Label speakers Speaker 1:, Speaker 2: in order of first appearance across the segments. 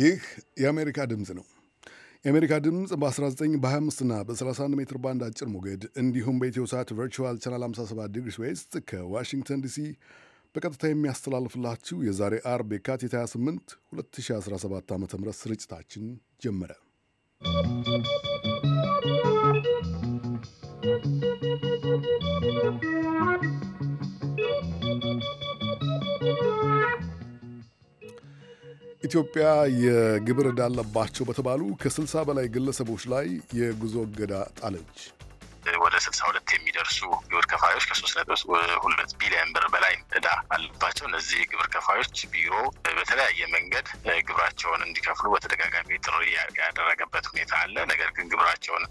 Speaker 1: ይህ የአሜሪካ ድምፅ ነው። የአሜሪካ ድምፅ በ19 በ25 እና በ31 ሜትር ባንድ አጭር ሞገድ እንዲሁም በኢትዮ ሳት ቨርቹዋል ቻናል 57 ዲግሪ ዌስት ከዋሽንግተን ዲሲ በቀጥታ የሚያስተላልፍላችሁ የዛሬ አርብ የካቲት 28 2017 ዓ ም ስርጭታችን ጀመረ። ኢትዮጵያ የግብር ዕዳ አለባቸው በተባሉ ከ60 በላይ ግለሰቦች ላይ የጉዞ እገዳ ጣለች። ወደ 62 የሚደርሱ ግብር ከፋዮች ከ3.2
Speaker 2: ቢሊዮን ብር በላይ እዳ አለባቸው። እነዚህ ግብር ከፋዮች ቢሮ በተለያየ መንገድ ግብራቸውን እንዲከፍሉ በተደጋጋሚ ጥሪ ያደረገበት ሁኔታ አለ። ነገር ግን ግብራቸውን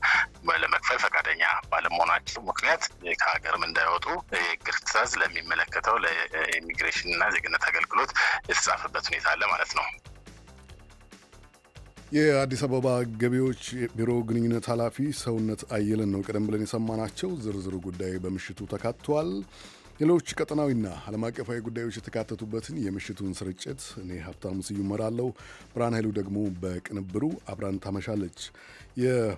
Speaker 2: ለመክፈል ፈቃደኛ ባለመሆናቸው ምክንያት ከሀገርም እንዳይወጡ የእግር ትዛዝ ለሚመለከተው ለኢሚግሬሽን እና ዜግነት አገልግሎት የተጻፈበት ሁኔታ አለ ማለት ነው።
Speaker 1: የአዲስ አበባ ገቢዎች ቢሮ ግንኙነት ኃላፊ ሰውነት አየለን ነው ቀደም ብለን የሰማናቸው። ዝርዝሩ ጉዳይ በምሽቱ ተካቷል። ሌሎች ቀጠናዊና ዓለም አቀፋዊ ጉዳዮች የተካተቱበትን የምሽቱን ስርጭት እኔ ሀብታሙ ስዩም መራለሁ ብርሃን ኃይሉ ደግሞ በቅንብሩ አብራን ታመሻለች። የመሰናዶ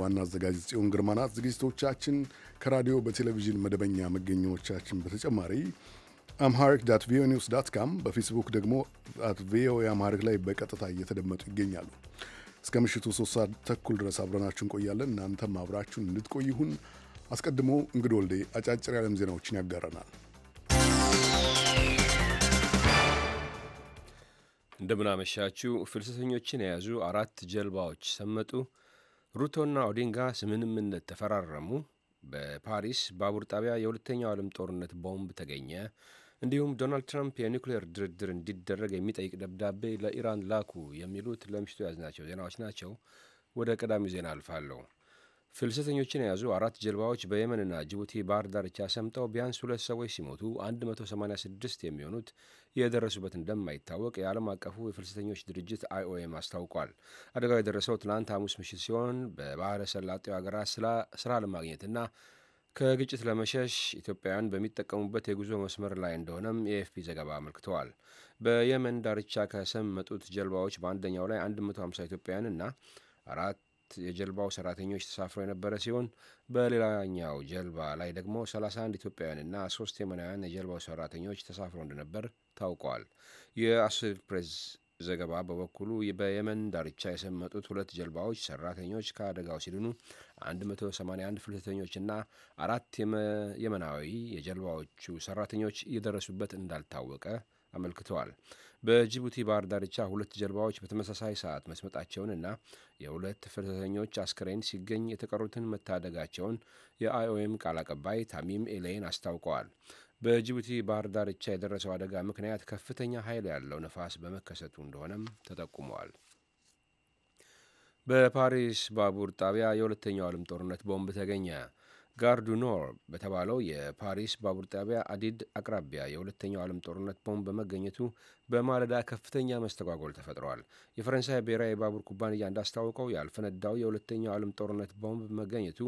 Speaker 1: ዋና አዘጋጅ ጽዮን ግርማ ናት። ዝግጅቶቻችን ከራዲዮ በቴሌቪዥን መደበኛ መገኛዎቻችን በተጨማሪ አምሃሪክ ዳት ቪኦኤ ኒውስ ዳት ካም በፌስቡክ ደግሞ አት ቪኦኤ አምሃሪክ ላይ በቀጥታ እየተደመጡ ይገኛሉ። እስከ ምሽቱ ሶስት ሰዓት ተኩል ድረስ አብረናችሁ እንቆያለን። እናንተም አብራችሁን እንድትቆይሁን። አስቀድሞ እንግዶ ወልዴ አጫጭር የዓለም ዜናዎችን ያጋረናል።
Speaker 3: እንደምናመሻችሁ። ፍልሰተኞችን የያዙ አራት ጀልባዎች ሰመጡ። ሩቶና ኦዲንጋ ስምምነት ተፈራረሙ። በፓሪስ ባቡር ጣቢያ የሁለተኛው ዓለም ጦርነት ቦምብ ተገኘ። እንዲሁም ዶናልድ ትራምፕ የኒውክሌር ድርድር እንዲደረግ የሚጠይቅ ደብዳቤ ለኢራን ላኩ የሚሉት ለምሽቱ የያዝናቸው ዜናዎች ናቸው። ወደ ቀዳሚው ዜና አልፋለሁ። ፍልሰተኞችን የያዙ አራት ጀልባዎች በየመንና ጅቡቲ ባህር ዳርቻ ሰምጠው ቢያንስ ሁለት ሰዎች ሲሞቱ 186 የሚሆኑት የደረሱበት እንደማይታወቅ የዓለም አቀፉ የፍልሰተኞች ድርጅት አይኦኤም አስታውቋል። አደጋው የደረሰው ትናንት ሐሙስ ምሽት ሲሆን በባህረ ሰላጤው ሀገራት ስራ ለማግኘትና ከግጭት ለመሸሽ ኢትዮጵያውያን በሚጠቀሙበት የጉዞ መስመር ላይ እንደሆነም የኤፍፒ ዘገባ አመልክተዋል። በየመን ዳርቻ ከሰመጡት ጀልባዎች በአንደኛው ላይ 150 ኢትዮጵያውያንና አራት የጀልባው ሰራተኞች ተሳፍረው የነበረ ሲሆን በሌላኛው ጀልባ ላይ ደግሞ 31 ኢትዮጵያውያንና ሶስት የመናውያን የጀልባው ሰራተኞች ተሳፍረው እንደነበር ታውቋል። የአሶሴትድ ፕሬስ ዘገባ በበኩሉ በየመን ዳርቻ የሰመጡት ሁለት ጀልባዎች ሰራተኞች ከአደጋው ሲድኑ 181 ፍልሰተኞችና አራት የመናዊ የጀልባዎቹ ሰራተኞች እየደረሱበት እንዳልታወቀ አመልክተዋል። በጅቡቲ ባህር ዳርቻ ሁለት ጀልባዎች በተመሳሳይ ሰዓት መስመጣቸውንና የሁለት ፍልሰተኞች አስክሬን ሲገኝ የተቀሩትን መታደጋቸውን የአይኦኤም ቃል አቀባይ ታሚም ኤሌን አስታውቀዋል። በጅቡቲ ባህር ዳርቻ የደረሰው አደጋ ምክንያት ከፍተኛ ኃይል ያለው ነፋስ በመከሰቱ እንደሆነም ተጠቁመዋል። በፓሪስ ባቡር ጣቢያ የሁለተኛው ዓለም ጦርነት ቦምብ ተገኘ። ጋርዱ ኖር በተባለው የፓሪስ ባቡር ጣቢያ አዲድ አቅራቢያ የሁለተኛው ዓለም ጦርነት ቦምብ በመገኘቱ በማለዳ ከፍተኛ መስተጓጎል ተፈጥሯል። የፈረንሳይ ብሔራዊ ባቡር ኩባንያ እንዳስታወቀው ያልፈነዳው የሁለተኛው ዓለም ጦርነት ቦምብ መገኘቱ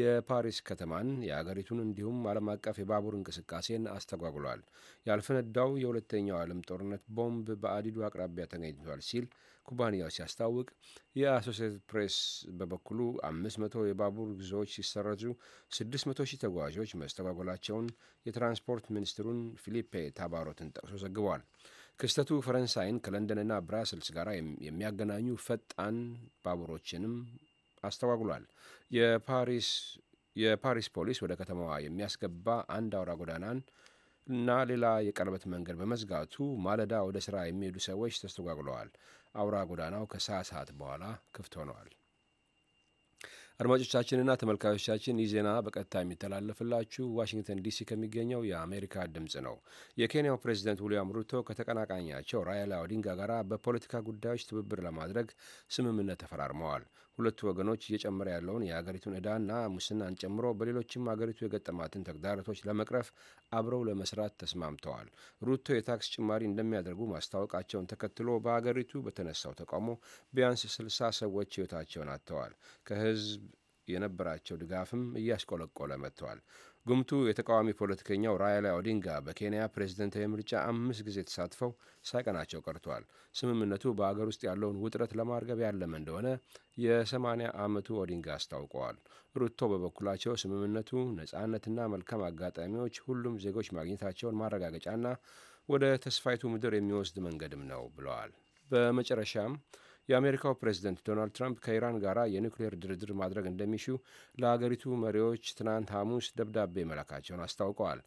Speaker 3: የፓሪስ ከተማን፣ የአገሪቱን እንዲሁም ዓለም አቀፍ የባቡር እንቅስቃሴን አስተጓጉሏል። ያልፈነዳው የሁለተኛው ዓለም ጦርነት ቦምብ በአዲዱ አቅራቢያ ተገኝቷል ሲል ኩባንያው ሲያስታውቅ የአሶሴትድ ፕሬስ በበኩሉ 500 የባቡር ጉዞዎች ሲሰረዙ 600 ሺህ ተጓዦች መስተጓጎላቸውን የትራንስፖርት ሚኒስትሩን ፊሊፔ ታባሮትን ጠቅሶ ዘግቧል። ክስተቱ ፈረንሳይን ከለንደንና ብራስልስ ጋር የሚያገናኙ ፈጣን ባቡሮችንም አስተጓጉሏል። የፓሪስ የፓሪስ ፖሊስ ወደ ከተማዋ የሚያስገባ አንድ አውራ ጎዳናን እና ሌላ የቅርበት መንገድ በመዝጋቱ ማለዳ ወደ ሥራ የሚሄዱ ሰዎች ተስተጓጉለዋል። አውራ ጎዳናው ከሰዓት ሰዓት በኋላ ክፍት ሆነዋል። አድማጮቻችንና ተመልካቾቻችን ይህ ዜና በቀጥታ የሚተላለፍላችሁ ዋሽንግተን ዲሲ ከሚገኘው የአሜሪካ ድምፅ ነው። የኬንያው ፕሬዚደንት ዊልያም ሩቶ ከተቀናቃኛቸው ራይላ ኦዲንጋ ጋር በፖለቲካ ጉዳዮች ትብብር ለማድረግ ስምምነት ተፈራርመዋል። ሁለቱ ወገኖች እየጨመረ ያለውን የአገሪቱን ዕዳና ሙስናን ጨምሮ በሌሎችም አገሪቱ የገጠማትን ተግዳሮቶች ለመቅረፍ አብረው ለመስራት ተስማምተዋል። ሩቶ የታክስ ጭማሪ እንደሚያደርጉ ማስታወቃቸውን ተከትሎ በአገሪቱ በተነሳው ተቃውሞ ቢያንስ ስልሳ ሰዎች ሕይወታቸውን አጥተዋል። ከህዝብ የነበራቸው ድጋፍም እያሽቆለቆለ መጥተዋል። ጉምቱ የተቃዋሚ ፖለቲከኛው ራያላ ኦዲንጋ በኬንያ ፕሬዝደንታዊ ምርጫ አምስት ጊዜ ተሳትፈው ሳይቀናቸው ቀርቷል። ስምምነቱ በአገር ውስጥ ያለውን ውጥረት ለማርገብ ያለመ እንደሆነ የ80 ዓመቱ ኦዲንጋ አስታውቀዋል። ሩቶ በበኩላቸው ስምምነቱ ነጻነትና መልካም አጋጣሚዎች ሁሉም ዜጎች ማግኘታቸውን ማረጋገጫና ወደ ተስፋይቱ ምድር የሚወስድ መንገድም ነው ብለዋል። በመጨረሻም የአሜሪካው ፕሬዝደንት ዶናልድ ትራምፕ ከኢራን ጋር የኒውክሌር ድርድር ማድረግ እንደሚሹ ለአገሪቱ መሪዎች ትናንት ሐሙስ ደብዳቤ መላካቸውን አስታውቀዋል።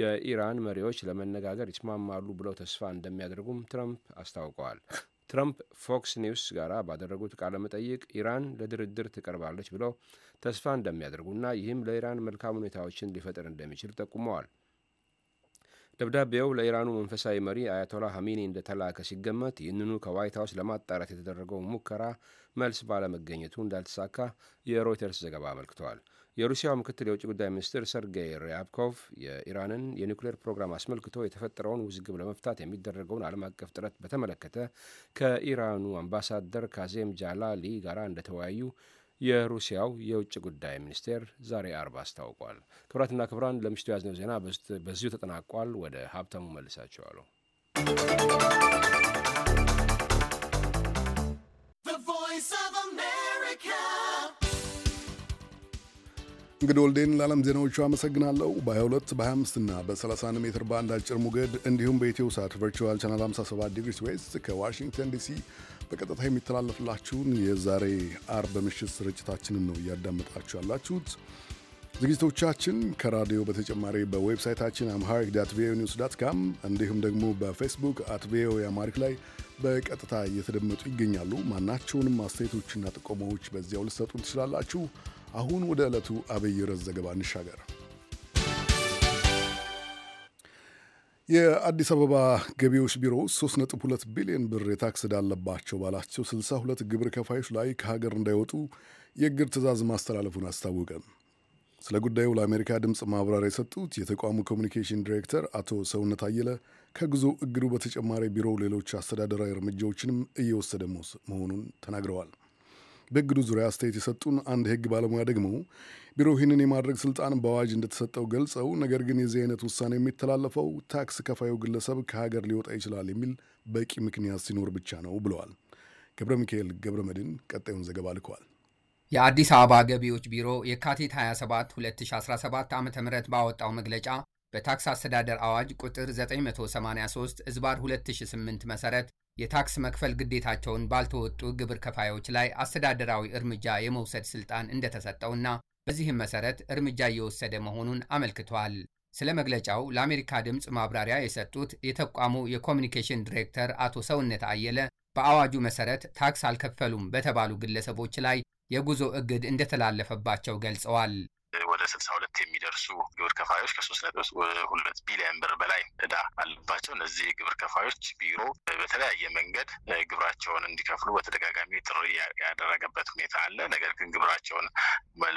Speaker 3: የኢራን መሪዎች ለመነጋገር ይስማማሉ ብለው ተስፋ እንደሚያደርጉም ትራምፕ አስታውቀዋል። ትራምፕ ፎክስ ኒውስ ጋር ባደረጉት ቃለ መጠይቅ ኢራን ለድርድር ትቀርባለች ብለው ተስፋ እንደሚያደርጉና ይህም ለኢራን መልካም ሁኔታዎችን ሊፈጥር እንደሚችል ጠቁመዋል። ደብዳቤው ለኢራኑ መንፈሳዊ መሪ አያቶላ ሀሚኒ እንደተላከ ሲገመት ይህንኑ ከዋይት ሀውስ ለማጣራት የተደረገው ሙከራ መልስ ባለመገኘቱ እንዳልተሳካ የሮይተርስ ዘገባ አመልክተዋል። የሩሲያው ምክትል የውጭ ጉዳይ ሚኒስትር ሰርጌይ ሪያብኮቭ የኢራንን የኒውክሌር ፕሮግራም አስመልክቶ የተፈጠረውን ውዝግብ ለመፍታት የሚደረገውን ዓለም አቀፍ ጥረት በተመለከተ ከኢራኑ አምባሳደር ካዜም ጃላሊ ጋር እንደተወያዩ የሩሲያው የውጭ ጉዳይ ሚኒስቴር ዛሬ አርብ አስታውቋል። ክብራትና ክብራን ለምሽቱ ያዝነው ዜና በዚሁ ተጠናቋል። ወደ ሀብታሙ መልሳቸዋሉ። አሉ።
Speaker 1: እንግዲህ ወልዴን ለዓለም ዜናዎቹ አመሰግናለሁ። በ22 በ25 እና በ31 ሜትር ባንድ አጭር ሞገድ እንዲሁም በኢትዮ ሳት ቨርቹዋል ቻናል 57 ዲግሪ ዌስት ከዋሽንግተን ዲሲ በቀጥታ የሚተላለፍላችሁን የዛሬ አርብ ምሽት ስርጭታችንን ነው እያዳመጣችሁ ያላችሁት። ዝግጅቶቻችን ከራዲዮ በተጨማሪ በዌብሳይታችን አምሃሪክ ዳት ቪኦኤ ኒውስ ዳት ካም እንዲሁም ደግሞ በፌስቡክ አት ቪኦኤ አማሪክ ላይ በቀጥታ እየተደመጡ ይገኛሉ። ማናቸውንም አስተያየቶችና ጥቆማዎች በዚያው ልሰጡን ትችላላችሁ። አሁን ወደ ዕለቱ አብይ ርዕስ ዘገባ እንሻገር። የአዲስ አበባ ገቢዎች ቢሮ 3.2 ቢሊዮን ብር የታክስ ዳለባቸው ባላቸው 62 ግብር ከፋዮች ላይ ከሀገር እንዳይወጡ የእግድ ትእዛዝ ማስተላለፉን አስታወቀ። ስለ ጉዳዩ ለአሜሪካ ድምፅ ማብራሪያ የሰጡት የተቋሙ ኮሚኒኬሽን ዲሬክተር አቶ ሰውነት አየለ ከጉዞ እግዱ በተጨማሪ ቢሮው ሌሎች አስተዳደራዊ እርምጃዎችንም እየወሰደ መሆኑን ተናግረዋል። በእግዱ ዙሪያ አስተያየት የሰጡን አንድ የህግ ባለሙያ ደግሞ ቢሮ ይህንን የማድረግ ስልጣን በአዋጅ እንደተሰጠው ገልጸው፣ ነገር ግን የዚህ አይነት ውሳኔ የሚተላለፈው ታክስ ከፋዩ ግለሰብ ከሀገር ሊወጣ ይችላል የሚል በቂ ምክንያት ሲኖር ብቻ ነው ብለዋል። ገብረ ሚካኤል ገብረ መድን ቀጣዩን ዘገባ ልከዋል። የአዲስ አበባ
Speaker 4: ገቢዎች ቢሮ የካቲት 27 2017 ዓ ም ባወጣው መግለጫ በታክስ አስተዳደር አዋጅ ቁጥር 983 እዝባር 2008 መሠረት የታክስ መክፈል ግዴታቸውን ባልተወጡ ግብር ከፋዮች ላይ አስተዳደራዊ እርምጃ የመውሰድ ስልጣን እንደተሰጠውና በዚህም መሰረት እርምጃ እየወሰደ መሆኑን አመልክቷል። ስለ መግለጫው ለአሜሪካ ድምፅ ማብራሪያ የሰጡት የተቋሙ የኮሚኒኬሽን ዲሬክተር አቶ ሰውነት አየለ በአዋጁ መሰረት ታክስ አልከፈሉም በተባሉ ግለሰቦች ላይ የጉዞ እግድ እንደተላለፈባቸው ገልጸዋል። ወደ ስልሳ ሁለት
Speaker 2: የሚደርሱ ግብር ከፋዮች ከሶስት ነጥብ ሁለት ቢሊዮን ብር በላይ እዳ አለባቸው። እነዚህ ግብር ከፋዮች ቢሮ በተለያየ መንገድ ግብራቸውን እንዲከፍሉ በተደጋጋሚ ጥሪ ያደረገበት ሁኔታ አለ። ነገር ግን ግብራቸውን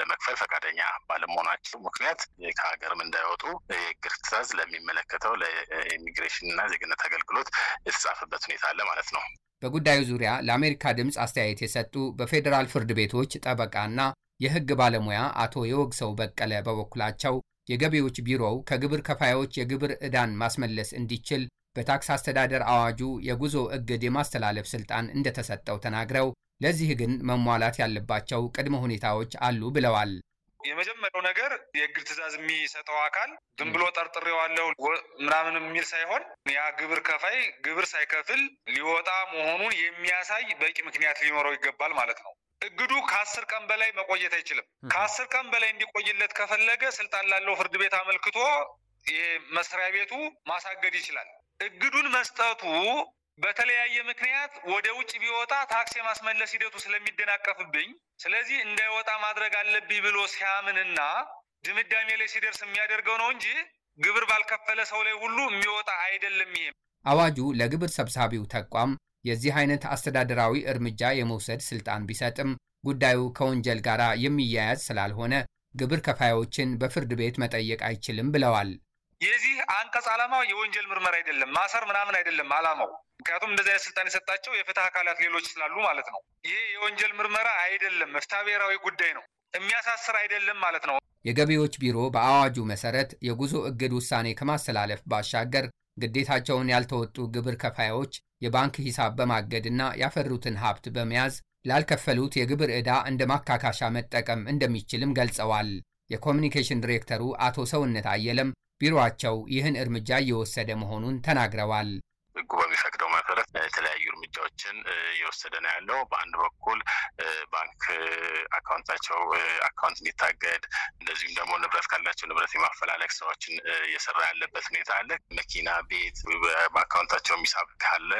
Speaker 2: ለመክፈል ፈቃደኛ ባለመሆናቸው ምክንያት ከሀገርም እንዳይወጡ የእግር ትዕዛዝ ለሚመለከተው ለኢሚግሬሽን ዜግነት አገልግሎት የተጻፈበት ሁኔታ አለ ማለት
Speaker 4: ነው። በጉዳዩ ዙሪያ ለአሜሪካ ድምፅ አስተያየት የሰጡ በፌዴራል ፍርድ ቤቶች ጠበቃና የህግ ባለሙያ አቶ የወግሰው በቀለ በበኩላቸው የገቢዎች ቢሮው ከግብር ከፋዮች የግብር ዕዳን ማስመለስ እንዲችል በታክስ አስተዳደር አዋጁ የጉዞ እግድ የማስተላለፍ ስልጣን እንደተሰጠው ተናግረው ለዚህ ግን መሟላት ያለባቸው ቅድመ ሁኔታዎች አሉ ብለዋል።
Speaker 5: የመጀመሪያው ነገር የእግድ ትዕዛዝ የሚሰጠው አካል
Speaker 3: ዝም ብሎ ጠርጥሬዋለሁ ምናምን የሚል ሳይሆን ያ ግብር ከፋይ ግብር ሳይከፍል ሊወጣ መሆኑን የሚያሳይ በቂ ምክንያት ሊኖረው ይገባል ማለት ነው። እግዱ ከአስር ቀን በላይ መቆየት አይችልም። ከአስር ቀን በላይ እንዲቆይለት ከፈለገ ስልጣን ላለው ፍርድ ቤት አመልክቶ ይሄ መስሪያ ቤቱ ማሳገድ ይችላል። እግዱን መስጠቱ በተለያየ ምክንያት ወደ ውጭ ቢወጣ ታክስ የማስመለስ ሂደቱ ስለሚደናቀፍብኝ፣ ስለዚህ እንዳይወጣ ማድረግ አለብኝ ብሎ ሲያምንና ድምዳሜ ላይ ሲደርስ የሚያደርገው ነው እንጂ ግብር ባልከፈለ ሰው ላይ ሁሉ የሚወጣ አይደለም።
Speaker 4: ይሄም አዋጁ ለግብር ሰብሳቢው ተቋም የዚህ አይነት አስተዳደራዊ እርምጃ የመውሰድ ስልጣን ቢሰጥም ጉዳዩ ከወንጀል ጋር የሚያያዝ ስላልሆነ ግብር ከፋዮችን በፍርድ ቤት መጠየቅ አይችልም ብለዋል።
Speaker 3: የዚህ አንቀጽ ዓላማው የወንጀል ምርመራ አይደለም፣ ማሰር ምናምን አይደለም ዓላማው። ምክንያቱም እንደዚህ አይነት ስልጣን የሰጣቸው የፍትህ አካላት ሌሎች ስላሉ ማለት ነው። ይሄ የወንጀል
Speaker 4: ምርመራ አይደለም፣ ፍትሐ ብሔራዊ ጉዳይ ነው። የሚያሳስር አይደለም ማለት ነው። የገቢዎች ቢሮ በአዋጁ መሰረት የጉዞ እግድ ውሳኔ ከማስተላለፍ ባሻገር ግዴታቸውን ያልተወጡ ግብር ከፋዮች የባንክ ሂሳብ በማገድና ያፈሩትን ሀብት በመያዝ ላልከፈሉት የግብር ዕዳ እንደ ማካካሻ መጠቀም እንደሚችልም ገልጸዋል። የኮሚኒኬሽን ዲሬክተሩ አቶ ሰውነት አየለም ቢሮአቸው ይህን እርምጃ እየወሰደ መሆኑን ተናግረዋል። ህጉ በሚፈቅደው መሰረት
Speaker 2: የተለያዩ እርምጃዎችን እየወሰደ ነው ያለው። በአንድ በኩል ባንክ አካውንታቸው አካውንት እንዲታገድ እንደዚሁም ደግሞ ንብረት ካላቸው ንብረት የማፈላለግ ስራዎችን እየሰራ ያለበት ሁኔታ አለ። መኪና፣ ቤት በአካውንታቸው የሚሳብ ካለ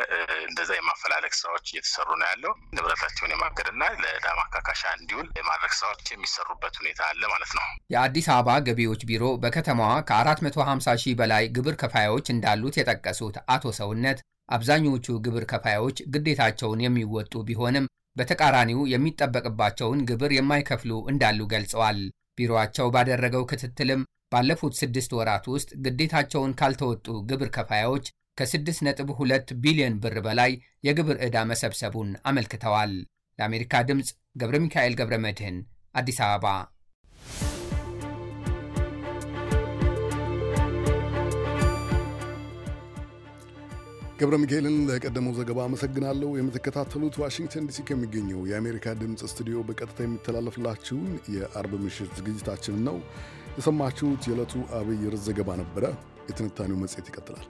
Speaker 2: እንደዛ የማፈላለግ ስራዎች እየተሰሩ ነው ያለው። ንብረታቸውን የማገድና ለዕዳ ማካካሻ እንዲውል የማድረግ ስራዎች የሚሰሩበት ሁኔታ አለ
Speaker 4: ማለት ነው። የአዲስ አበባ ገቢዎች ቢሮ በከተማዋ ከ450 ሺህ በላይ ግብር ከፋዮች እንዳሉት የጠቀሱት አቶ ሰውነት አብዛኞቹ ግብር ከፋዮች ግዴታቸውን የሚወጡ ቢሆንም በተቃራኒው የሚጠበቅባቸውን ግብር የማይከፍሉ እንዳሉ ገልጸዋል። ቢሮአቸው ባደረገው ክትትልም ባለፉት ስድስት ወራት ውስጥ ግዴታቸውን ካልተወጡ ግብር ከፋዮች ከ6.2 ቢሊዮን ብር በላይ የግብር ዕዳ መሰብሰቡን አመልክተዋል። ለአሜሪካ ድምፅ ገብረ ሚካኤል ገብረ መድህን አዲስ አበባ
Speaker 1: ገብረ ሚካኤልን ለቀደመው ዘገባ አመሰግናለሁ። የምትከታተሉት ዋሽንግተን ዲሲ ከሚገኘው የአሜሪካ ድምፅ ስቱዲዮ በቀጥታ የሚተላለፍላችሁን የአርብ ምሽት ዝግጅታችንን ነው የሰማችሁት። የዕለቱ አብይ ርዕስ ዘገባ ነበረ። የትንታኔው መጽሔት ይቀጥላል።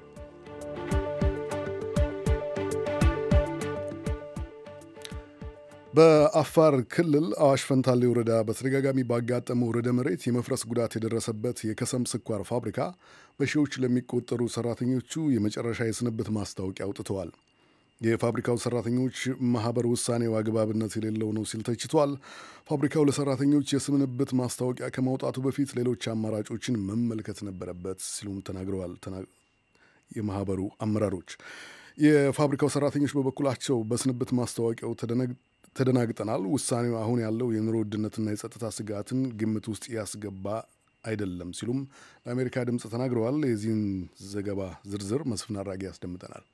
Speaker 1: በአፋር ክልል አዋሽ ፈንታሌ ወረዳ በተደጋጋሚ ባጋጠመው ርዕደ መሬት የመፍረስ ጉዳት የደረሰበት የከሰም ስኳር ፋብሪካ በሺዎች ለሚቆጠሩ ሰራተኞቹ የመጨረሻ የስንብት ማስታወቂያ አውጥተዋል። የፋብሪካው ሰራተኞች ማህበር ውሳኔው አግባብነት የሌለው ነው ሲል ተችቷል። ፋብሪካው ለሰራተኞች የስንብት ማስታወቂያ ከማውጣቱ በፊት ሌሎች አማራጮችን መመልከት ነበረበት ሲሉም ተናግረዋል የማህበሩ አመራሮች። የፋብሪካው ሰራተኞች በበኩላቸው በስንብት ማስታወቂያው ተደናግጠናል፣ ውሳኔው አሁን ያለው የኑሮ ውድነትና የጸጥታ ስጋትን ግምት ውስጥ ያስገባ አይደለም ሲሉም ለአሜሪካ ድምፅ ተናግረዋል። የዚህን ዘገባ ዝርዝር መስፍን አራጌ ያስደምጠናል።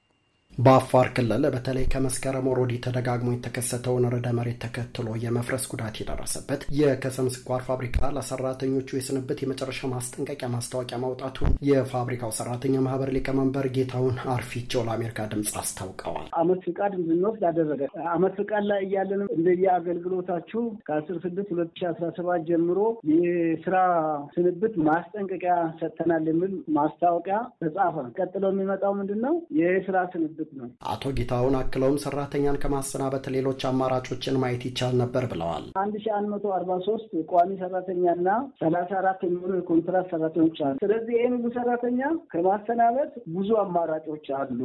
Speaker 6: በአፋር ክልል በተለይ ከመስከረም ወር ወዲህ ተደጋግሞ የተከሰተውን ርዕደ መሬት ተከትሎ የመፍረስ ጉዳት የደረሰበት የከሰም ስኳር ፋብሪካ ለሰራተኞቹ የስንብት የመጨረሻ ማስጠንቀቂያ ማስታወቂያ ማውጣቱን የፋብሪካው ሰራተኛ ማህበር ሊቀመንበር ጌታውን አርፊቸው ለአሜሪካ ድምፅ አስታውቀዋል።
Speaker 7: አመት ፍቃድ እንድንወስድ አደረገ። አመት ፍቃድ ላይ እያለንም እንደየ አገልግሎታችሁ ከአስር ስድስት ሁለት ሺ አስራ ሰባት ጀምሮ የስራ ስንብት ማስጠንቀቂያ ሰጥተናል የሚል ማስታወቂያ ተጻፈ። ቀጥሎ የሚመጣው ምንድን ነው? የስራ ስንብት ያለበት ነው።
Speaker 6: አቶ ጌታሁን አክለውም ሰራተኛን ከማሰናበት ሌሎች አማራጮችን ማየት ይቻል ነበር ብለዋል።
Speaker 7: አንድ ሺ አንድ መቶ አርባ ሶስት ቋሚ ሰራተኛና ሰላሳ አራት የሚሆኑ የኮንትራት ሰራተኞች አሉ። ስለዚህ ይህን ሁሉ ሰራተኛ ከማሰናበት ብዙ አማራጮች አሉ።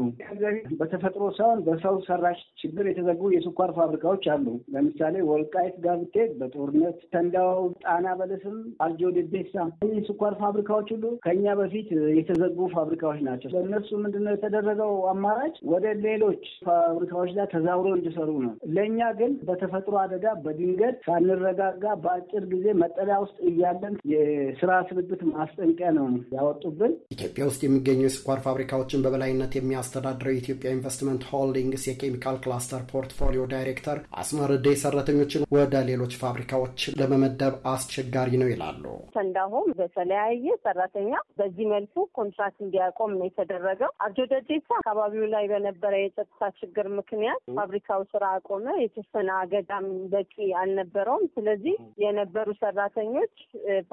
Speaker 7: በተፈጥሮ ሳይሆን በሰው ሰራሽ ችግር የተዘጉ የስኳር ፋብሪካዎች አሉ። ለምሳሌ ወልቃይት ጋር ብትሄድ በጦርነት ተንዳው፣ ጣና በለስም፣ አርጆ ደዴሳ እነዚህ ስኳር ፋብሪካዎች ሁሉ ከኛ በፊት የተዘጉ ፋብሪካዎች ናቸው። በእነሱ ምንድነው የተደረገው አማራጭ ወደ ሌሎች ፋብሪካዎች ላይ ተዛውሮ እንዲሰሩ ነው። ለእኛ ግን በተፈጥሮ አደጋ በድንገት ሳንረጋጋ በአጭር ጊዜ መጠለያ ውስጥ እያለን የስራ ስንብት ማስጠንቀቂያ ነው
Speaker 6: ያወጡብን። ኢትዮጵያ ውስጥ የሚገኙ የስኳር ፋብሪካዎችን በበላይነት የሚያስተዳድረው የኢትዮጵያ ኢንቨስትመንት ሆልዲንግስ የኬሚካል ክላስተር ፖርትፎሊዮ ዳይሬክተር አስመርዴ ሰራተኞችን ወደ ሌሎች ፋብሪካዎች ለመመደብ አስቸጋሪ ነው ይላሉ።
Speaker 8: እንዳሁም በተለያየ ሰራተኛ በዚህ መልኩ ኮንትራክት እንዲያቆም ነው የተደረገው። አርጆ ደዴሳ አካባቢው ላይ በነበረ የጸጥታ ችግር ምክንያት ፋብሪካው ስራ አቆመ። የተወሰነ አገዳም በቂ አልነበረውም። ስለዚህ የነበሩ ሰራተኞች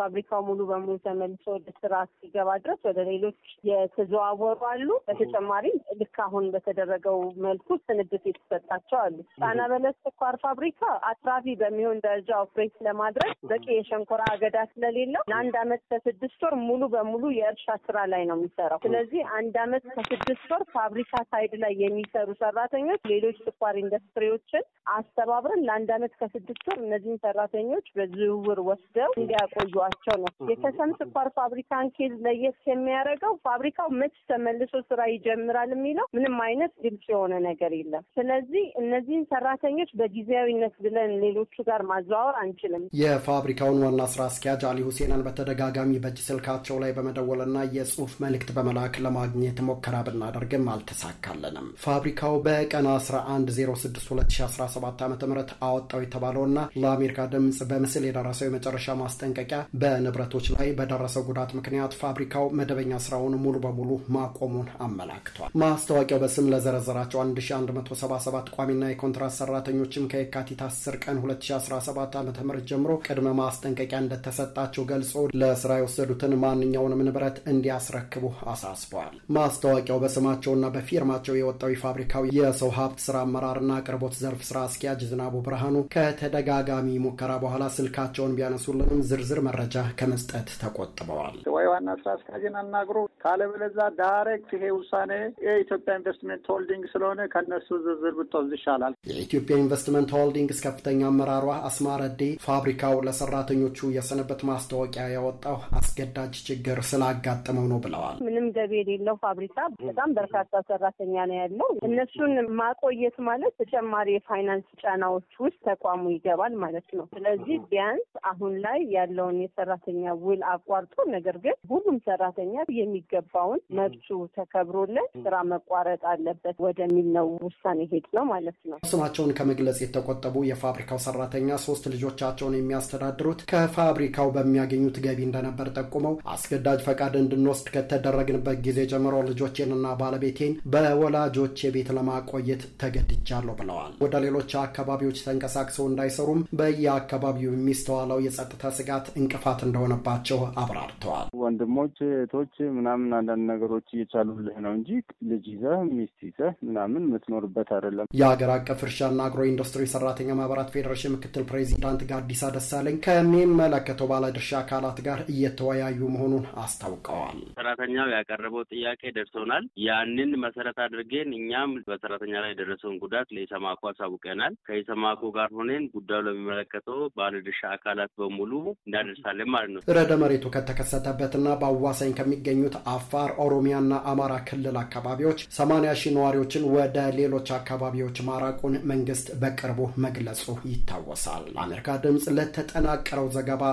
Speaker 8: ፋብሪካው ሙሉ በሙሉ ተመልሶ ወደ ስራ ሲገባ ድረስ ወደ ሌሎች የተዘዋወሩ አሉ። በተጨማሪም ልክ አሁን በተደረገው መልኩ ስንብት የተሰጣቸው አሉ። ጣና በለስ ስኳር ፋብሪካ አትራፊ በሚሆን ደረጃ ኦፕሬት ለማድረግ በቂ የሸንኮራ አገዳ ስለሌለው ለአንድ አመት ከስድስት ወር ሙሉ በሙሉ የእርሻ ስራ ላይ ነው የሚሰራው። ስለዚህ አንድ አመት ከስድስት ወር ፋብሪካ ሳይ ሳይድ ላይ የሚሰሩ ሰራተኞች ሌሎች ስኳር ኢንዱስትሪዎችን አስተባብረን ለአንድ አመት ከስድስት ወር እነዚህን ሰራተኞች በዝውውር ወስደው እንዲያቆዩቸው ነው። የከሰም ስኳር ፋብሪካን ኬዝ ለየት የሚያደርገው ፋብሪካው መች ተመልሶ ስራ ይጀምራል የሚለው ምንም አይነት ግልጽ የሆነ ነገር የለም። ስለዚህ እነዚህን ሰራተኞች በጊዜያዊነት ብለን ሌሎቹ ጋር ማዘዋወር አንችልም።
Speaker 6: የፋብሪካውን ዋና ስራ አስኪያጅ አሊ ሁሴናን በተደጋጋሚ በእጅ ስልካቸው ላይ በመደወልና የጽሁፍ መልእክት በመላክ ለማግኘት ሞከራ ብናደርግም አልተሳካል። አልቻለንም። ፋብሪካው በቀን 11062017 ዓ ም አወጣው የተባለውና ለአሜሪካ ድምፅ በምስል የደረሰው የመጨረሻ ማስጠንቀቂያ በንብረቶች ላይ በደረሰው ጉዳት ምክንያት ፋብሪካው መደበኛ ስራውን ሙሉ በሙሉ ማቆሙን አመላክቷል። ማስታወቂያው በስም ለዘረዘራቸው 1177 ቋሚና የኮንትራት ሰራተኞችም ከየካቲት 10 ቀን 2017 ዓ ም ጀምሮ ቅድመ ማስጠንቀቂያ እንደተሰጣቸው ገልጾ ለስራ የወሰዱትን ማንኛውንም ንብረት እንዲያስረክቡ አሳስበዋል። ማስታወቂያው በስማቸውና በፊርማቸው ስማቸው የወጣው የፋብሪካው የሰው ሀብት ስራ አመራርና አቅርቦት ዘርፍ ስራ አስኪያጅ ዝናቡ ብርሃኑ ከተደጋጋሚ ሙከራ በኋላ ስልካቸውን ቢያነሱልንም ዝርዝር መረጃ ከመስጠት ተቆጥበዋል።
Speaker 7: ወይ ዋና ስራ አስኪያጅን አናግሩ፣ ካለበለዛ ዳይሬክት ይሄ ውሳኔ የኢትዮጵያ ኢንቨስትመንት ሆልዲንግ ስለሆነ ከነሱ
Speaker 6: ዝርዝር ብትወስድ ይሻላል። የኢትዮጵያ ኢንቨስትመንት ሆልዲንግስ ከፍተኛ አመራሯ አስማረዴ ፋብሪካው ለሰራተኞቹ የሰነበት ማስታወቂያ ያወጣው አስገዳጅ ችግር ስላጋጠመው ነው ብለዋል።
Speaker 8: ምንም ገቢ የሌለው ፋብሪካ በጣም በርካታ ሰራተኛ ነው ያለው። እነሱን ማቆየት ማለት ተጨማሪ የፋይናንስ ጫናዎች ውስጥ ተቋሙ ይገባል ማለት ነው። ስለዚህ ቢያንስ አሁን ላይ ያለውን የሰራተኛ ውል አቋርጦ፣ ነገር ግን ሁሉም ሰራተኛ የሚገባውን መብቱ ተከብሮለት ስራ መቋረጥ አለበት ወደሚል ነው ውሳኔ ሄድ ነው ማለት ነው።
Speaker 6: ስማቸውን ከመግለጽ የተቆጠቡ የፋብሪካው ሰራተኛ ሶስት ልጆቻቸውን የሚያስተዳድሩት ከፋብሪካው በሚያገኙት ገቢ እንደነበር ጠቁመው አስገዳጅ ፈቃድ እንድንወስድ ከተደረግንበት ጊዜ ጀምሮ ልጆቼንና ባለቤቴን በወ ወላጆች ቤት ለማቆየት ተገድጃለሁ ብለዋል። ወደ ሌሎች አካባቢዎች ተንቀሳቅሰው እንዳይሰሩም በየአካባቢው የሚስተዋለው የጸጥታ ስጋት እንቅፋት እንደሆነባቸው አብራርተዋል።
Speaker 8: ወንድሞች እህቶች ምናምን አንዳንድ ነገሮች እየቻሉልህ ነው እንጂ ልጅ ይዘህ ሚስት ይዘህ ምናምን የምትኖርበት
Speaker 6: አይደለም። የሀገር አቀፍ እርሻና አግሮ ኢንዱስትሪ ሰራተኛ ማህበራት ፌዴሬሽን ምክትል ፕሬዚዳንት ጋዲሳ ደሳለኝ ከሚመለከተው ባለድርሻ አካላት ጋር እየተወያዩ መሆኑን አስታውቀዋል።
Speaker 9: ሰራተኛው ያቀረበው ጥያቄ ደርሶናል። ያንን መሰረት አድርገን እኛም በሰራተኛ ላይ የደረሰውን ጉዳት ለኢሰማኮ አሳውቀናል። ከኢሰማኮ ጋር ሆነን ጉዳዩ ለሚመለከተው ባለድርሻ አካላት በሙሉ እንዳደርሳለን ማለት ነው። ረደ
Speaker 6: መሬቱ ከተከሰተበትና በአዋሳኝ ከሚገኙት አፋር፣ ኦሮሚያና አማራ ክልል አካባቢዎች ሰማንያ ሺህ ነዋሪዎችን ወደ ሌሎች አካባቢዎች ማራቁን መንግስት በቅርቡ መግለጹ ይታወሳል። ለአሜሪካ ድምፅ ለተጠናቀረው ዘገባ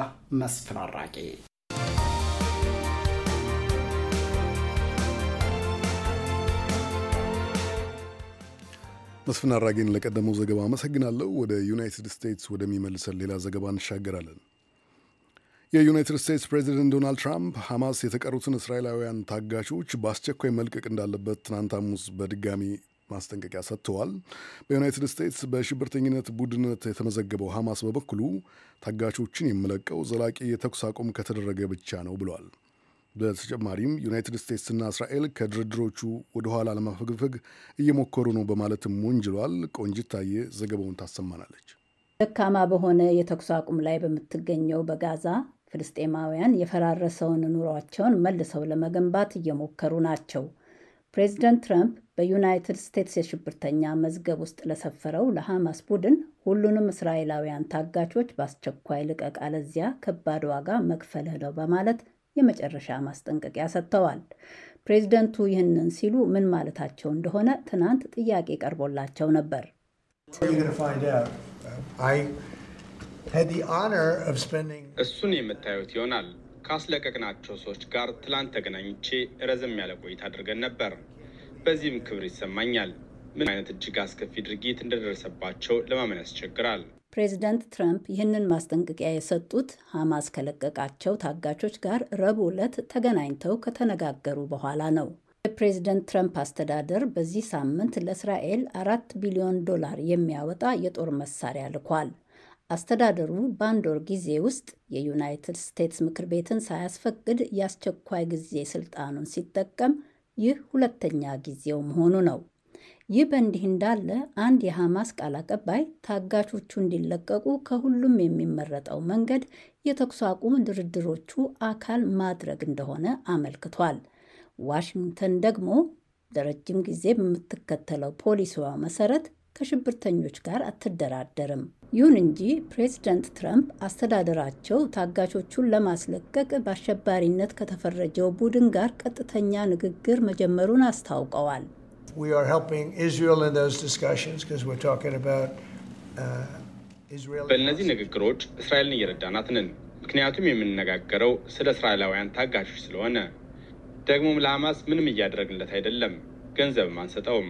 Speaker 6: መስፍን አራቂ
Speaker 1: መስፍን አራጌን ለቀደመው ዘገባ አመሰግናለሁ። ወደ ዩናይትድ ስቴትስ ወደሚመልሰን ሌላ ዘገባ እንሻገራለን። የዩናይትድ ስቴትስ ፕሬዚደንት ዶናልድ ትራምፕ ሐማስ የተቀሩትን እስራኤላውያን ታጋቾች በአስቸኳይ መልቀቅ እንዳለበት ትናንት ሐሙስ በድጋሚ ማስጠንቀቂያ ሰጥተዋል። በዩናይትድ ስቴትስ በሽብርተኝነት ቡድንነት የተመዘገበው ሐማስ በበኩሉ ታጋቾችን የምለቀው ዘላቂ የተኩስ አቁም ከተደረገ ብቻ ነው ብሏል። በተጨማሪም ዩናይትድ ስቴትስና እስራኤል ከድርድሮቹ ወደኋላ ለማፈግፈግ እየሞከሩ ነው በማለትም ወንጅሏል። ቆንጅት ዘገባውን ታሰማናለች።
Speaker 10: ደካማ በሆነ የተኩስ አቁም ላይ በምትገኘው በጋዛ ፍልስጤማውያን የፈራረሰውን ኑሯቸውን መልሰው ለመገንባት እየሞከሩ ናቸው። ፕሬዚደንት ትራምፕ በዩናይትድ ስቴትስ የሽብርተኛ መዝገብ ውስጥ ለሰፈረው ለሐማስ ቡድን ሁሉንም እስራኤላውያን ታጋቾች በአስቸኳይ ልቀቅ፣ አለዚያ ከባድ ዋጋ መክፈልህ ነው በማለት የመጨረሻ ማስጠንቀቂያ ሰጥተዋል። ፕሬዚደንቱ ይህንን ሲሉ ምን ማለታቸው እንደሆነ ትናንት ጥያቄ ቀርቦላቸው ነበር።
Speaker 5: እሱን የምታዩት ይሆናል። ካስለቀቅናቸው ሰዎች ጋር ትላንት ተገናኝቼ ረዘም ያለ ቆይታ አድርገን ነበር። በዚህም ክብር ይሰማኛል። ምን አይነት እጅግ አስከፊ ድርጊት እንደደረሰባቸው ለማመን ያስቸግራል።
Speaker 10: ፕሬዚደንት ትራምፕ ይህንን ማስጠንቀቂያ የሰጡት ሐማስ ከለቀቃቸው ታጋቾች ጋር ረቡዕ ዕለት ተገናኝተው ከተነጋገሩ በኋላ ነው። የፕሬዚደንት ትራምፕ አስተዳደር በዚህ ሳምንት ለእስራኤል አራት ቢሊዮን ዶላር የሚያወጣ የጦር መሳሪያ ልኳል። አስተዳደሩ በአንድ ወር ጊዜ ውስጥ የዩናይትድ ስቴትስ ምክር ቤትን ሳያስፈቅድ የአስቸኳይ ጊዜ ስልጣኑን ሲጠቀም ይህ ሁለተኛ ጊዜው መሆኑ ነው። ይህ በእንዲህ እንዳለ አንድ የሐማስ ቃል አቀባይ ታጋቾቹ እንዲለቀቁ ከሁሉም የሚመረጠው መንገድ የተኩስ አቁም ድርድሮቹ አካል ማድረግ እንደሆነ አመልክቷል። ዋሽንግተን ደግሞ ለረጅም ጊዜ በምትከተለው ፖሊሲዋ መሰረት ከሽብርተኞች ጋር አትደራደርም። ይሁን እንጂ ፕሬዚደንት ትራምፕ አስተዳደራቸው ታጋቾቹን ለማስለቀቅ በአሸባሪነት ከተፈረጀው ቡድን ጋር ቀጥተኛ ንግግር መጀመሩን አስታውቀዋል።
Speaker 3: We are helping Israel in those discussions because we're talking about
Speaker 5: በእነዚህ ንግግሮች እስራኤልን እየረዳናት ነን። ምክንያቱም የምንነጋገረው ስለ እስራኤላውያን ታጋሾች ስለሆነ፣ ደግሞም ለሐማስ ምንም እያደረግለት አይደለም፣ ገንዘብም አንሰጠውም።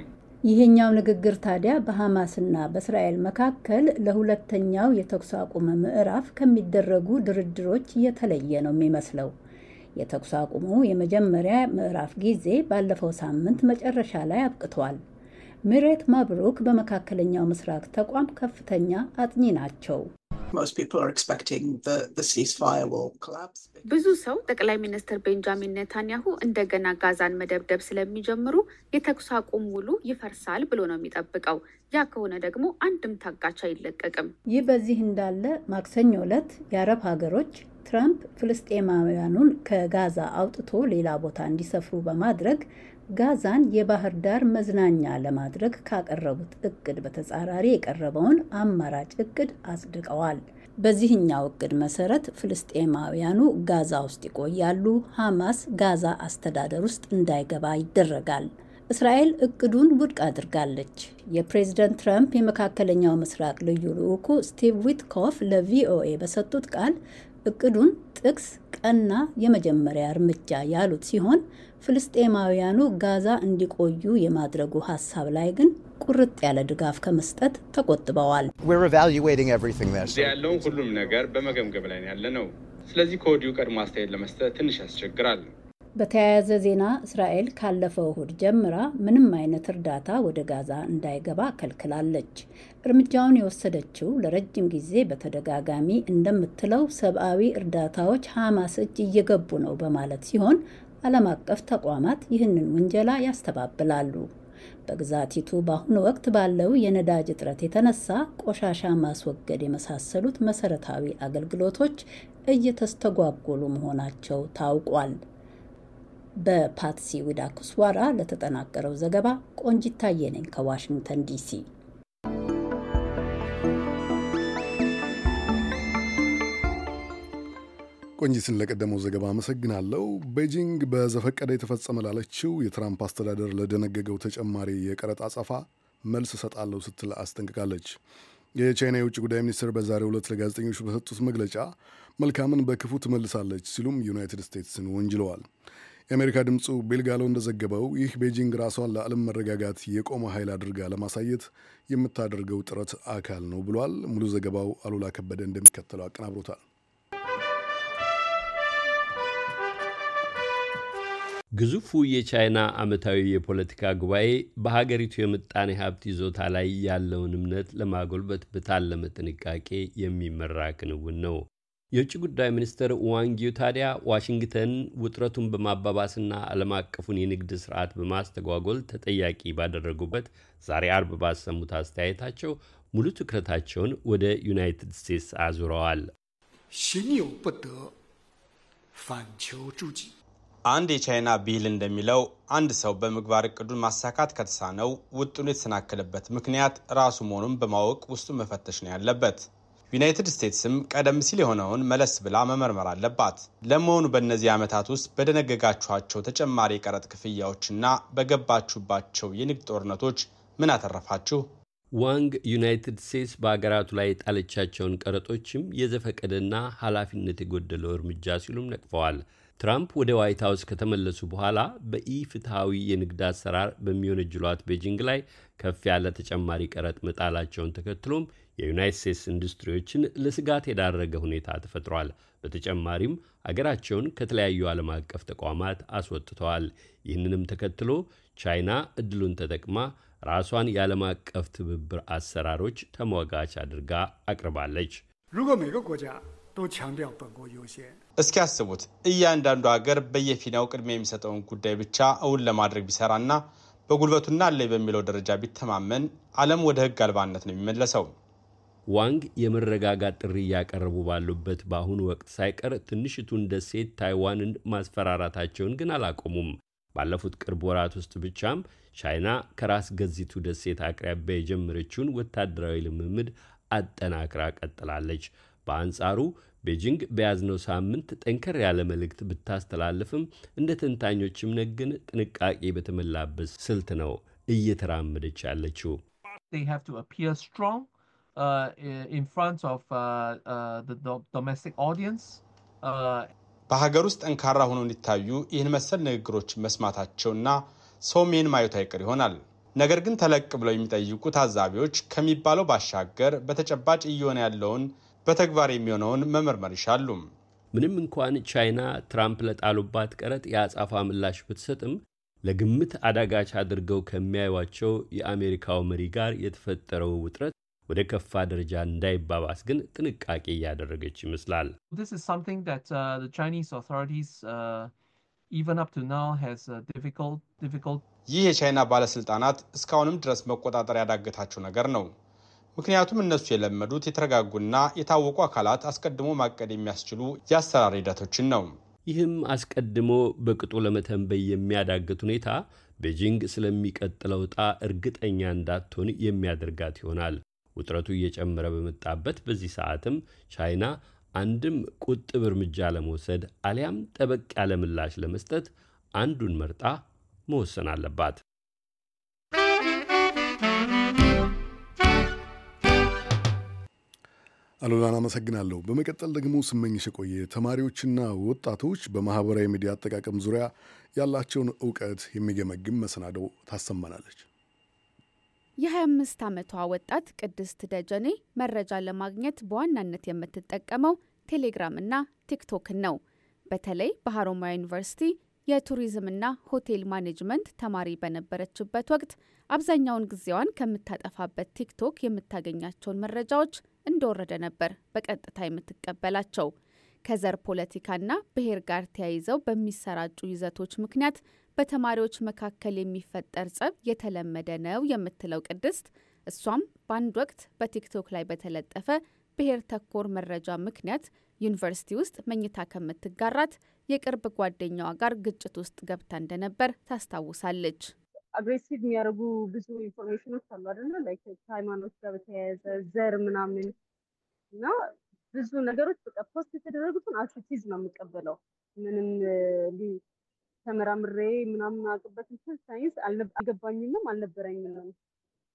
Speaker 10: ይህኛው ንግግር ታዲያ በሐማስና በእስራኤል መካከል ለሁለተኛው የተኩስ አቁም ምዕራፍ ከሚደረጉ ድርድሮች የተለየ ነው የሚመስለው። የተኩስ አቁሙ የመጀመሪያ ምዕራፍ ጊዜ ባለፈው ሳምንት መጨረሻ ላይ አብቅቷል። ሚሬት ማብሩክ በመካከለኛው ምስራቅ ተቋም ከፍተኛ አጥኚ ናቸው።
Speaker 11: ብዙ ሰው ጠቅላይ ሚኒስትር ቤንጃሚን ኔታንያሁ እንደገና ጋዛን መደብደብ ስለሚጀምሩ የተኩስ አቁም ውሉ ይፈርሳል ብሎ ነው የሚጠብቀው። ያ ከሆነ ደግሞ አንድም ታጋች አይለቀቅም።
Speaker 10: ይህ በዚህ እንዳለ ማክሰኞ ዕለት የአረብ ሀገሮች ትራምፕ ፍልስጤማውያኑን ከጋዛ አውጥቶ ሌላ ቦታ እንዲሰፍሩ በማድረግ ጋዛን የባህር ዳር መዝናኛ ለማድረግ ካቀረቡት እቅድ በተጻራሪ የቀረበውን አማራጭ እቅድ አጽድቀዋል። በዚህኛው እቅድ መሰረት ፍልስጤማውያኑ ጋዛ ውስጥ ይቆያሉ፣ ሐማስ ጋዛ አስተዳደር ውስጥ እንዳይገባ ይደረጋል። እስራኤል እቅዱን ውድቅ አድርጋለች። የፕሬዝደንት ትራምፕ የመካከለኛው ምስራቅ ልዩ ልዑኩ ስቲቭ ዊትኮፍ ለቪኦኤ በሰጡት ቃል እቅዱን ጥቅስ ቀና የመጀመሪያ እርምጃ ያሉት ሲሆን ፍልስጤማውያኑ ጋዛ እንዲቆዩ የማድረጉ ሀሳብ ላይ ግን ቁርጥ ያለ ድጋፍ ከመስጠት ተቆጥበዋል።
Speaker 5: ያለውን ሁሉም ነገር በመገምገም ላይ ያለ ነው። ስለዚህ ከወዲሁ ቀድሞ አስተያየት ለመስጠት ትንሽ ያስቸግራል።
Speaker 10: በተያያዘ ዜና እስራኤል ካለፈው እሁድ ጀምራ ምንም አይነት እርዳታ ወደ ጋዛ እንዳይገባ ከልክላለች። እርምጃውን የወሰደችው ለረጅም ጊዜ በተደጋጋሚ እንደምትለው ሰብአዊ እርዳታዎች ሐማስ እጅ እየገቡ ነው በማለት ሲሆን ዓለም አቀፍ ተቋማት ይህንን ውንጀላ ያስተባብላሉ። በግዛቲቱ በአሁኑ ወቅት ባለው የነዳጅ እጥረት የተነሳ ቆሻሻ ማስወገድ የመሳሰሉት መሰረታዊ አገልግሎቶች እየተስተጓጎሉ መሆናቸው ታውቋል። በፓትሲ ዊዳኩስዋራ ለተጠናቀረው ዘገባ ቆንጂት ታየ ነኝ ከዋሽንግተን
Speaker 6: ዲሲ።
Speaker 1: ቆንጂትን ለቀደመው ዘገባ አመሰግናለሁ። ቤጂንግ በዘፈቀደ የተፈጸመ ላለችው የትራምፕ አስተዳደር ለደነገገው ተጨማሪ የቀረጥ አጸፋ መልስ እሰጣለሁ ስትል አስጠንቅቃለች። የቻይና የውጭ ጉዳይ ሚኒስትር በዛሬው ዕለት ለጋዜጠኞች በሰጡት መግለጫ መልካምን በክፉ ትመልሳለች ሲሉም ዩናይትድ ስቴትስን ወንጅለዋል። የአሜሪካ ድምፁ ቤልጋሎ እንደዘገበው ይህ ቤጂንግ ራሷን ለዓለም መረጋጋት የቆመ ኃይል አድርጋ ለማሳየት የምታደርገው ጥረት አካል ነው ብሏል። ሙሉ ዘገባው አሉላ ከበደ እንደሚከተለው አቀናብሮታል።
Speaker 9: ግዙፉ የቻይና ዓመታዊ የፖለቲካ ጉባኤ በሀገሪቱ የምጣኔ ሀብት ይዞታ ላይ ያለውን እምነት ለማጎልበት በታለመ ጥንቃቄ የሚመራ ክንውን ነው። የውጭ ጉዳይ ሚኒስትር ዋንጊው ታዲያ ዋሽንግተን ውጥረቱን በማባባስና ዓለም አቀፉን የንግድ ስርዓት በማስተጓጎል ተጠያቂ ባደረጉበት ዛሬ አርብ ባሰሙት አስተያየታቸው ሙሉ ትኩረታቸውን ወደ ዩናይትድ ስቴትስ አዙረዋል። ሽኒው አንድ የቻይና
Speaker 5: ብሂል እንደሚለው አንድ ሰው በምግባር እቅዱን ማሳካት ከተሳነው ውጡን የተሰናከለበት ምክንያት ራሱ መሆኑን በማወቅ ውስጡ መፈተሽ ነው ያለበት። ዩናይትድ ስቴትስም ቀደም ሲል የሆነውን መለስ ብላ መመርመር አለባት። ለመሆኑ በእነዚህ ዓመታት ውስጥ በደነገጋችኋቸው ተጨማሪ የቀረጥ ክፍያዎችና በገባችሁባቸው የንግድ ጦርነቶች ምን አተረፋችሁ?
Speaker 9: ዋንግ ዩናይትድ ስቴትስ በሀገራቱ ላይ የጣለቻቸውን ቀረጦችም የዘፈቀደና ኃላፊነት የጎደለው እርምጃ ሲሉም ነቅፈዋል። ትራምፕ ወደ ዋይት ሀውስ ከተመለሱ በኋላ በኢፍትሐዊ የንግድ አሰራር በሚወነጅሏት ቤጂንግ ላይ ከፍ ያለ ተጨማሪ ቀረጥ መጣላቸውን ተከትሎም የዩናይት ስቴትስ ኢንዱስትሪዎችን ለስጋት የዳረገ ሁኔታ ተፈጥሯል። በተጨማሪም አገራቸውን ከተለያዩ ዓለም አቀፍ ተቋማት አስወጥተዋል። ይህንንም ተከትሎ ቻይና እድሉን ተጠቅማ ራሷን የዓለም አቀፍ ትብብር አሰራሮች ተሟጋች አድርጋ አቅርባለች። እስኪ ያስቡት እያንዳንዱ ሀገር በየፊናው ቅድሚያ የሚሰጠውን
Speaker 5: ጉዳይ ብቻ እውን ለማድረግ ቢሰራና በጉልበቱና አለኝ በሚለው ደረጃ ቢተማመን
Speaker 9: ዓለም ወደ ሕግ አልባነት ነው የሚመለሰው። ዋንግ የመረጋጋት ጥሪ እያቀረቡ ባሉበት በአሁኑ ወቅት ሳይቀር ትንሽቱን ደሴት ታይዋንን ማስፈራራታቸውን ግን አላቆሙም። ባለፉት ቅርብ ወራት ውስጥ ብቻም ቻይና ከራስ ገዚቱ ደሴት አቅራቢያ የጀመረችውን ወታደራዊ ልምምድ አጠናክራ ቀጥላለች። በአንጻሩ ቤጂንግ በያዝነው ሳምንት ጠንከር ያለ መልእክት ብታስተላልፍም እንደ ተንታኞች እምነት ግን ጥንቃቄ በተሞላበት ስልት ነው እየተራመደች ያለችው። uh, uh, uh,
Speaker 5: በሀገር ውስጥ ጠንካራ ሆኖ እንዲታዩ ይህን መሰል ንግግሮች መስማታቸውና ሰው ሜን ማየት አይቀር ይሆናል። ነገር ግን ተለቅ ብለው የሚጠይቁ ታዛቢዎች ከሚባለው ባሻገር በተጨባጭ እየሆነ ያለውን በተግባር የሚሆነውን
Speaker 9: መመርመር ይሻሉ። ምንም እንኳን ቻይና ትራምፕ ለጣሉባት ቀረጥ የአጻፋ ምላሽ ብትሰጥም ለግምት አዳጋች አድርገው ከሚያዩቸው የአሜሪካው መሪ ጋር የተፈጠረው ውጥረት ወደ ከፋ ደረጃ እንዳይባባስ ግን ጥንቃቄ እያደረገች ይመስላል።
Speaker 3: uh, uh, uh,
Speaker 5: ይህ የቻይና ባለሥልጣናት እስካሁንም ድረስ መቆጣጠር ያዳገታቸው ነገር ነው። ምክንያቱም እነሱ የለመዱት የተረጋጉና የታወቁ አካላት አስቀድሞ ማቀድ የሚያስችሉ የአሰራር ሂደቶችን ነው።
Speaker 9: ይህም አስቀድሞ በቅጡ ለመተንበይ የሚያዳግት ሁኔታ ቤጂንግ ስለሚቀጥለው ዕጣ እርግጠኛ እንዳትሆን የሚያደርጋት ይሆናል። ውጥረቱ እየጨመረ በመጣበት በዚህ ሰዓትም ቻይና አንድም ቁጥብ እርምጃ ለመውሰድ አሊያም ጠበቅ ያለ ምላሽ ለመስጠት አንዱን መርጣ መወሰን አለባት።
Speaker 1: አሉላን አመሰግናለሁ። በመቀጠል ደግሞ ስመኝሽ የቆየ ተማሪዎችና ወጣቶች በማህበራዊ ሚዲያ አጠቃቀም ዙሪያ ያላቸውን እውቀት የሚገመግም መሰናደው ታሰማናለች።
Speaker 11: የ25 ዓመቷ ወጣት ቅድስት ደጀኔ መረጃ ለማግኘት በዋናነት የምትጠቀመው ቴሌግራምና ቲክቶክን ነው። በተለይ በሀሮማያ ዩኒቨርሲቲ የቱሪዝምና ሆቴል ማኔጅመንት ተማሪ በነበረችበት ወቅት አብዛኛውን ጊዜዋን ከምታጠፋበት ቲክቶክ የምታገኛቸውን መረጃዎች እንደወረደ ነበር በቀጥታ የምትቀበላቸው። ከዘር ፖለቲካና ብሔር ጋር ተያይዘው በሚሰራጩ ይዘቶች ምክንያት በተማሪዎች መካከል የሚፈጠር ጸብ የተለመደ ነው የምትለው ቅድስት፣ እሷም በአንድ ወቅት በቲክቶክ ላይ በተለጠፈ ብሔር ተኮር መረጃ ምክንያት ዩኒቨርሲቲ ውስጥ መኝታ ከምትጋራት የቅርብ ጓደኛዋ ጋር ግጭት ውስጥ ገብታ እንደነበር ታስታውሳለች።
Speaker 8: አግሬሲቭ የሚያደርጉ ብዙ ኢንፎርሜሽኖች አሉ አይደለ? ላይክ ከሃይማኖት ጋር በተያያዘ ዘር ምናምን እና ብዙ ነገሮች በቃ ፖስት የተደረጉትን አስቲዝ ነው የምቀበለው። ምንም ተመራምሬ ምናምን አቅበት እንትን ሳይንስ አልገባኝምም ነው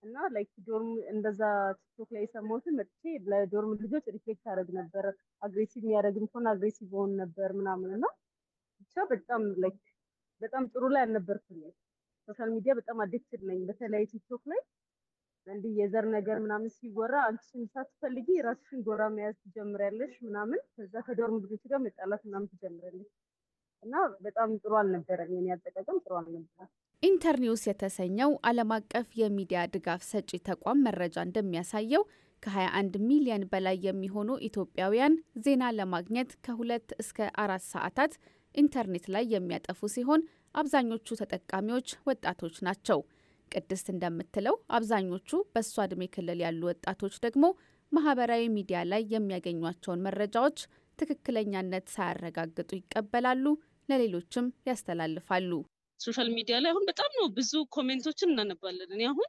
Speaker 8: እና ላይክ ዶርም እንደዛ ቲክቶክ ላይ የሰማሁትን መጥቼ ለዶርም ልጆች ሪፍሌክት አደረግ ነበር። አግሬሲቭ የሚያደርግም ከሆነ አግሬሲቭ ሆን ነበር ምናምን እና ብቻ በጣም ላይክ በጣም ጥሩ ላይ አልነበርኩም። ሶሻል ሚዲያ በጣም አዲክትድ ነኝ። በተለይ ቲክቶክ ላይ እንዲህ የዘር ነገር ምናምን ሲወራ አንቺም ሳትፈልጊ ራስሽን ጎራ መያዝ ትጀምሪያለሽ ምናምን፣ ከዛ ከዶርም ልጆች ጋር መጣላት ምናምን ትጀምሪያለሽ እና በጣም ጥሩ አልነበረም። የኔ
Speaker 11: አጠቃቀም ጥሩ አልነበረም። ኢንተርኒውስ የተሰኘው ዓለም አቀፍ የሚዲያ ድጋፍ ሰጪ ተቋም መረጃ እንደሚያሳየው ከ21 ሚሊዮን በላይ የሚሆኑ ኢትዮጵያውያን ዜና ለማግኘት ከሁለት እስከ አራት ሰዓታት ኢንተርኔት ላይ የሚያጠፉ ሲሆን አብዛኞቹ ተጠቃሚዎች ወጣቶች ናቸው። ቅድስት እንደምትለው አብዛኞቹ በእሷ እድሜ ክልል ያሉ ወጣቶች ደግሞ ማህበራዊ ሚዲያ ላይ የሚያገኟቸውን መረጃዎች ትክክለኛነት ሳያረጋግጡ ይቀበላሉ፣ ለሌሎችም ያስተላልፋሉ።
Speaker 8: ሶሻል ሚዲያ ላይ አሁን በጣም ነው ብዙ ኮሜንቶችን እናነባለን። እኔ አሁን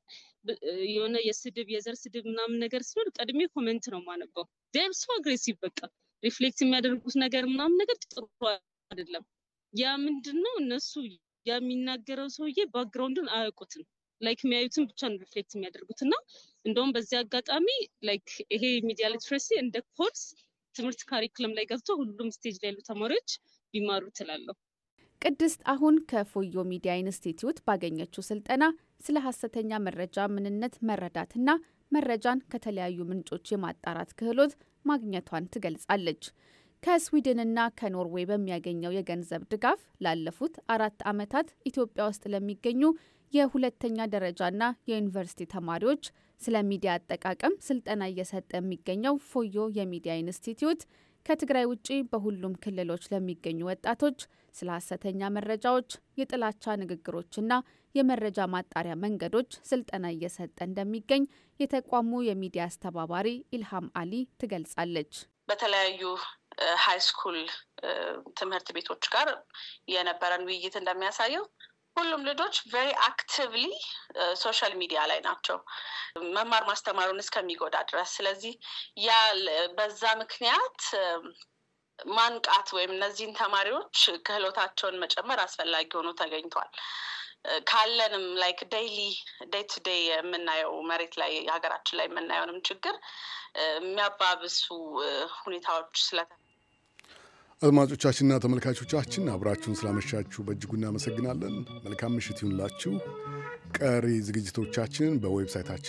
Speaker 8: የሆነ የስድብ የዘር ስድብ ምናምን ነገር ሲኖር ቀድሜ ኮሜንት ነው የማነባው። ሶ አግሬሲቭ በቃ ሪፍሌክት የሚያደርጉት ነገር ምናምን ነገር ጥሩ አይደለም። ያ ምንድን ነው እነሱ የሚናገረው ሰውዬ ባክግራውንድን አያውቁትም። ላይክ የሚያዩትን ብቻ ነው ሪፍሌክት የሚያደርጉት እና እንደውም በዚህ አጋጣሚ ላይክ ይሄ ሚዲያ ሊትሬሲ እንደ ኮርስ ትምህርት ካሪክለም ላይ ገብቶ ሁሉም ስቴጅ ላይ ያሉ ተማሪዎች ቢማሩ ትላለሁ።
Speaker 11: ቅድስት አሁን ከፎዮ ሚዲያ ኢንስቲትዩት ባገኘችው ስልጠና ስለ ሀሰተኛ መረጃ ምንነት መረዳትና መረጃን ከተለያዩ ምንጮች የማጣራት ክህሎት ማግኘቷን ትገልጻለች። ከስዊድንና ከኖርዌይ በሚያገኘው የገንዘብ ድጋፍ ላለፉት አራት ዓመታት ኢትዮጵያ ውስጥ ለሚገኙ የሁለተኛ ደረጃና የዩኒቨርሲቲ ተማሪዎች ስለ ሚዲያ አጠቃቀም ስልጠና እየሰጠ የሚገኘው ፎዮ የሚዲያ ኢንስቲትዩት ከትግራይ ውጪ በሁሉም ክልሎች ለሚገኙ ወጣቶች ስለ ሀሰተኛ መረጃዎች፣ የጥላቻ ንግግሮችና የመረጃ ማጣሪያ መንገዶች ስልጠና እየሰጠ እንደሚገኝ የተቋሙ የሚዲያ አስተባባሪ ኢልሃም አሊ ትገልጻለች። በተለያዩ ሃይስኩል ትምህርት ቤቶች ጋር የነበረን ውይይት እንደሚያሳየው ሁሉም ልጆች ቬሪ አክቲቭሊ ሶሻል ሚዲያ ላይ ናቸው መማር ማስተማሩን እስከሚጎዳ ድረስ። ስለዚህ ያ በዛ ምክንያት ማንቃት ወይም እነዚህን ተማሪዎች ክህሎታቸውን መጨመር አስፈላጊ ሆኖ ተገኝቷል። ካለንም ላይክ ዴይሊ ዴይ ቱ ዴይ የምናየው መሬት ላይ ሀገራችን ላይ የምናየውንም ችግር የሚያባብሱ ሁኔታዎች ስለ
Speaker 1: አድማጮቻችንና ተመልካቾቻችን አብራችሁን ስላመሻችሁ በእጅጉ እናመሰግናለን። መልካም ምሽት ይሁንላችሁ። ቀሪ ዝግጅቶቻችንን በዌብሳይታችን